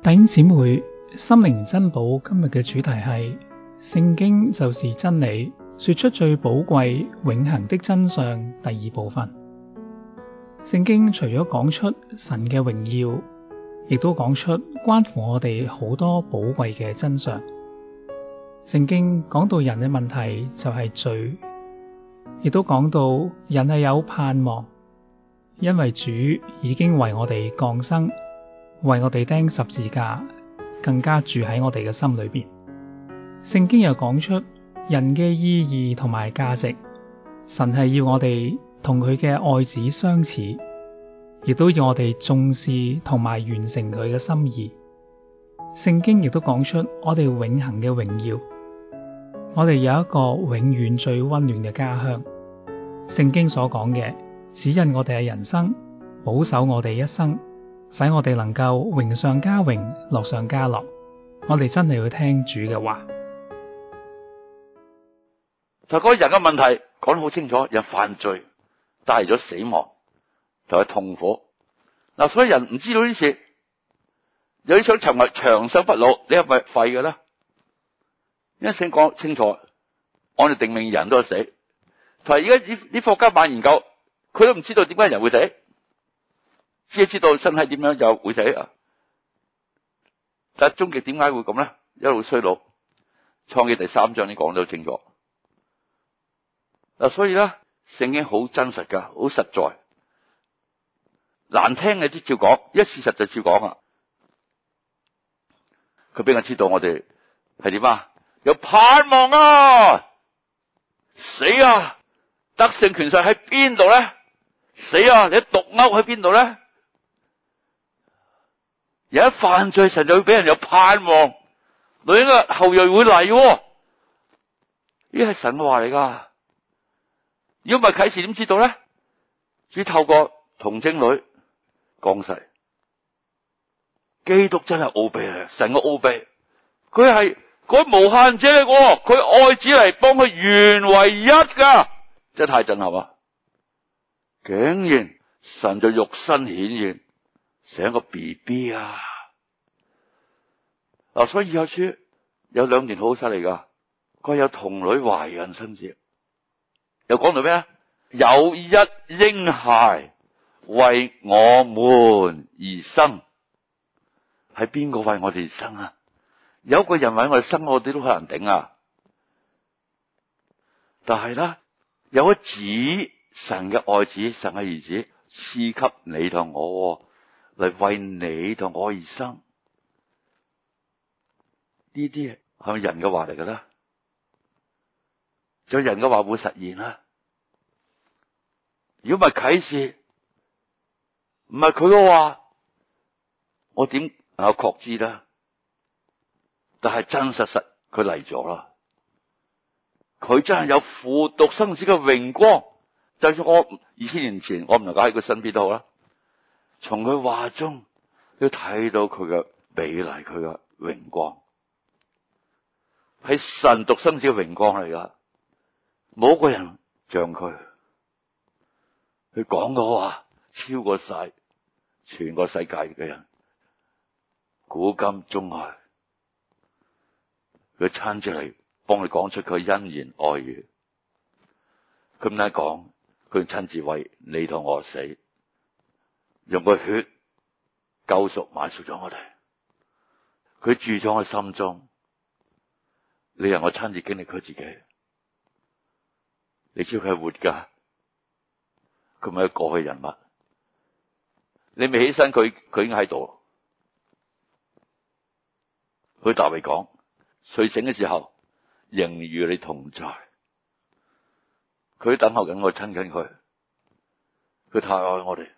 弟兄姊妹，心靈珍寶今日嘅主題係《聖經》就是真理，說出最寶貴、永恆的真相。第二部分，《聖經》除咗講出神嘅榮耀，亦都講出關乎我哋好多寶貴嘅真相。《聖經》講到人嘅問題就係罪，亦都講到人係有盼望，因為主已經為我哋降生。為我哋釘十字架，更加住喺我哋嘅心裏邊。聖經又講出人嘅意義同埋價值，神係要我哋同佢嘅愛子相似，亦都要我哋重視同埋完成佢嘅心意。聖經亦都講出我哋永恆嘅榮耀，我哋有一個永遠最溫暖嘅家鄉。聖經所講嘅，指引我哋嘅人生，保守我哋一生。使我哋能夠榮上加榮，樂上加樂。我哋真係要聽主嘅話。就講人嘅問題講得好清楚，有犯罪帶嚟咗死亡就係、是、痛苦。嗱，所以人唔知道呢事，有啲想尋日長生不老，你係咪廢嘅咧？因為先講清楚，我哋定命人都係死。同埋而家啲啲科學家研究，佢都唔知道點解人會死。知知道身體點樣有會死啊？但係終極點解會咁咧？一路衰老，創記第三章都講到清楚。嗱，所以咧，聖經好真實噶，好實在，難聽嘅都照講，一事實就照講啊。佢俾我知道我哋係點啊？有盼望啊！死啊！得勝權勢喺邊度咧？死啊！你毒鉤喺邊度咧？有一犯罪，神就俾人有盼望，女人嘅後裔會嚟，呢係神嘅話嚟噶。如果唔係啟示點知道咧？只透過童貞女降世，基督真係奧秘啊！成個奧秘，佢係嗰無限者嚟，佢愛子嚟幫佢原為一噶，真係太震撼啊！竟然神就肉身顯現。成個 B B 啊，嗱，啊，所以有書有兩段好犀利噶，佢有童女懷孕生子，又講到咩啊？有一嬰孩為我們而生，係邊個為我哋而生啊？有個人為我哋生，我哋都可能頂啊！但係咧，有一子，神嘅愛子，神嘅兒子賜給你同我。嚟為你同我而生，呢啲係咪人嘅話嚟嘅咧？就人嘅話會實現啦。如果唔係啟示，唔係佢嘅話，我點能夠確知咧？但係真實實，佢嚟咗啦。佢真係有父獨生子嘅榮光。就算我二千年前，我唔能夠喺佢身邊都好啦。從佢話中都睇到佢嘅美麗，佢嘅榮光，係神獨生子嘅榮光嚟噶。冇一個人像佢，佢講嘅話超過晒全個世界嘅人，古今中外，佢親自嚟幫你講出佢恩言愛語。佢唔單講，佢親自為你同我死。用個血救贖埋贖咗我哋，佢住咗我心中，你係我親自經歷佢自己，你知佢係活噶，佢咪過去人物，你未起身，佢佢已經喺度。佢大衛講睡醒嘅時候仍與你同在，佢等候緊我親近佢，佢太愛我哋。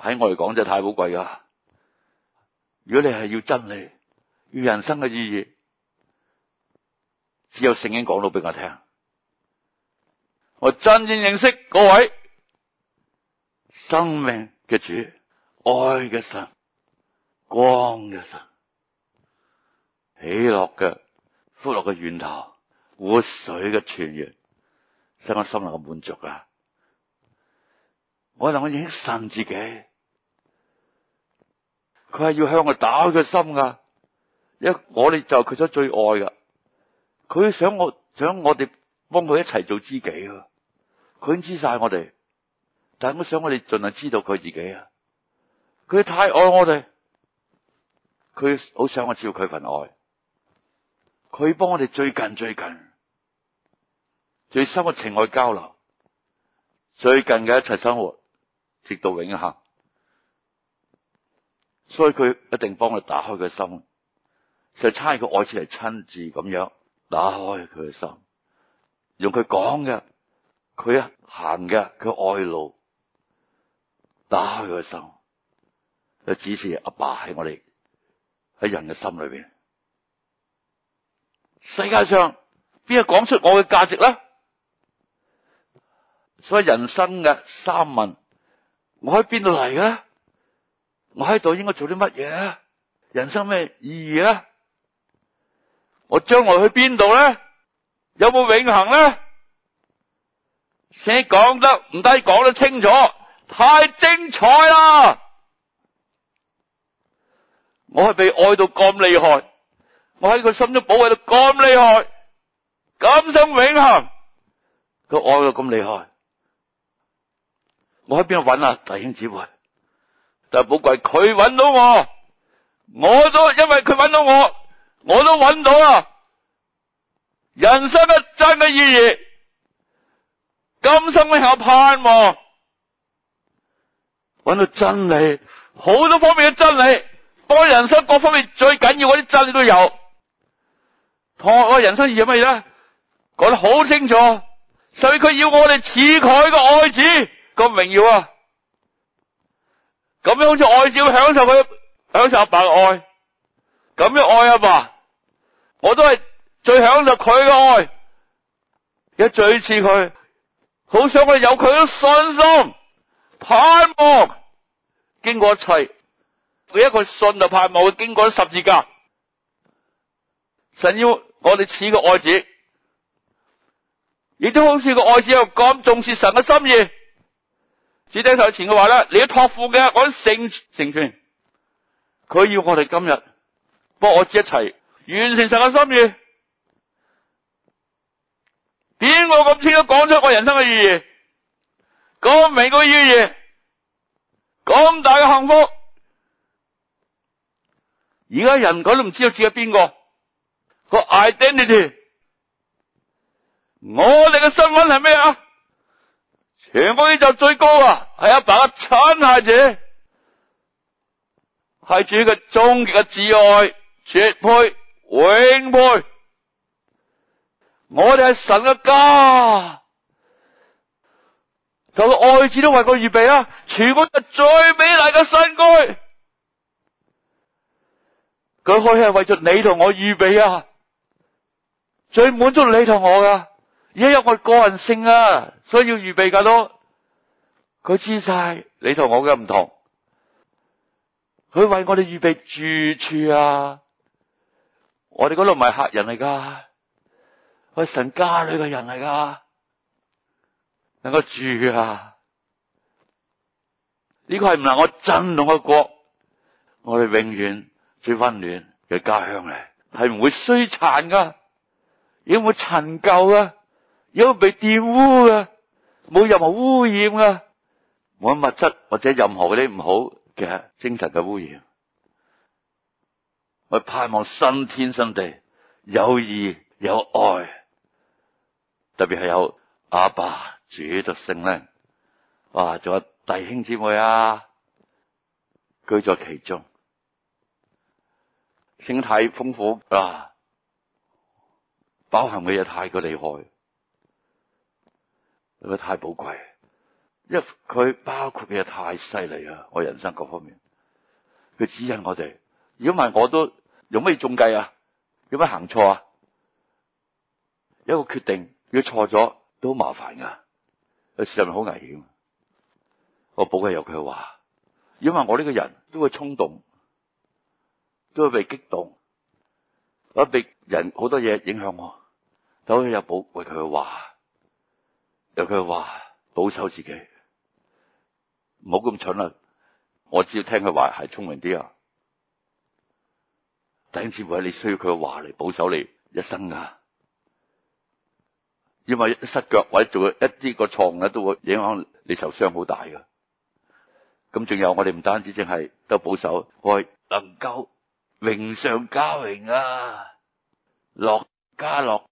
喺我嚟講真係太寶貴噶。如果你係要真理，要人生嘅意義，只有聖經講到俾我聽。我真正認識各位生命嘅主、愛嘅神、光嘅神、喜樂嘅、福樂嘅源頭、活水嘅泉源，使我心裡好滿足啊！我能夠認識神自己。佢係要向我打開個心噶，因為我哋就佢所最愛噶，佢想我，想我哋幫佢一齊做知己，佢知晒我哋，但我想我哋盡量知道佢自己啊，佢太愛我哋，佢好想我照佢份愛，佢幫我哋最近最近，最深嘅情愛交流，最近嘅一齊生活，直到永恆。所以佢一定幫佢打開佢個心，就差佢愛子嚟親自咁樣打開佢嘅心，用佢講嘅，佢呀行嘅，佢愛路打開佢嘅心，就指示阿爸喺我哋喺人嘅心裏邊，世界上邊個講出我嘅價值咧？所以人生嘅三問，我喺邊度嚟嘅？我喺度應該做啲乜嘢啊？人生咩意義啊？我將來去邊度咧？有冇永恆咧？先講得唔低，講得清楚，太精彩啦！我係被愛到咁厲害，我喺佢心中寶貴到咁厲害，今生永恆，佢愛到咁厲害，我喺邊度揾？啊，弟兄姊妹。但係寶貴，佢搵到我，我都因為佢搵到我，我都搵到啦。人生嘅真嘅意義，今生嘅下盼，啊，搵到真理，好多方面嘅真理，我人生各方面最緊要嗰啲真理都有。我、哦、我人生意義係乜嘢咧？講得好清楚，所以佢要我哋似佢嘅愛子個榮耀啊！咁樣好似愛子會享受，佢享受阿爸嘅愛，咁樣愛阿爸，我都係最享受佢嘅愛，而最似佢，好想佢有佢嘅信心、盼望，經過一切，每一個信就盼望，經過十字架，神要我哋似個愛子，亦都好似個愛子又咁重視神嘅心意。指定受錢嘅話咧，你要託付嘅講成成全，佢要我哋今日，幫我哋一齊完成神嘅心意。邊個咁清楚都講出我人生嘅意義，講明個意義，咁大嘅幸福，而家人佢都唔知道自己係邊個個 identity，我哋嘅身份係咩啊？全部呢就最高啊！係阿爸嘅親孩子，係主嘅終極嘅摯愛、絕配、永配。我哋係神嘅家，就個愛子都為我預備啊，全部就最美麗嘅新居，佢可以係為咗你同我預備啊！最滿足你同我噶。而家有我個人性啊，所以要預備噶咯。佢知晒你同我嘅唔同，佢為我哋預備住處啊。我哋嗰度唔係客人嚟噶，係神家裏嘅人嚟噶，能夠住啊。呢個係唔能我震動嘅國，我哋永遠最溫暖嘅家鄉嚟，係唔會衰殘噶，有冇陳舊啊？如果被玷污啊，冇任何污染啊，冇乜物質或者任何嗰啲唔好嘅精神嘅污染。我盼望新天新地，有義有愛，特別係有阿爸，爸主的聖靈，哇、啊！仲有弟兄姊妹啊，居在其中，生態豐富啊，包含嘅嘢太過厲害。因為太寶貴，因為佢包括嘅嘢太犀利啊！我人生各方面，佢指引我哋。如果唔係，我都用咩中計啊？用咩行錯啊？有一個決定，如果錯咗都好麻煩噶、啊，有時係咪好危險？我寶貴有佢嘅話。如果唔係，我呢個人都會衝動，都會被激動，我被人好多嘢影響我。所以有寶貴佢嘅話。就佢話保守自己，唔好咁蠢啦！我只要聽佢話係聰明啲啊！第次會你需要佢話嚟保守你一生噶、啊，因為失腳或者做一啲個錯誤咧，都會影響你受傷好大噶。咁仲有我哋唔單止淨係得保守，我能夠榮上加榮啊，樂加樂。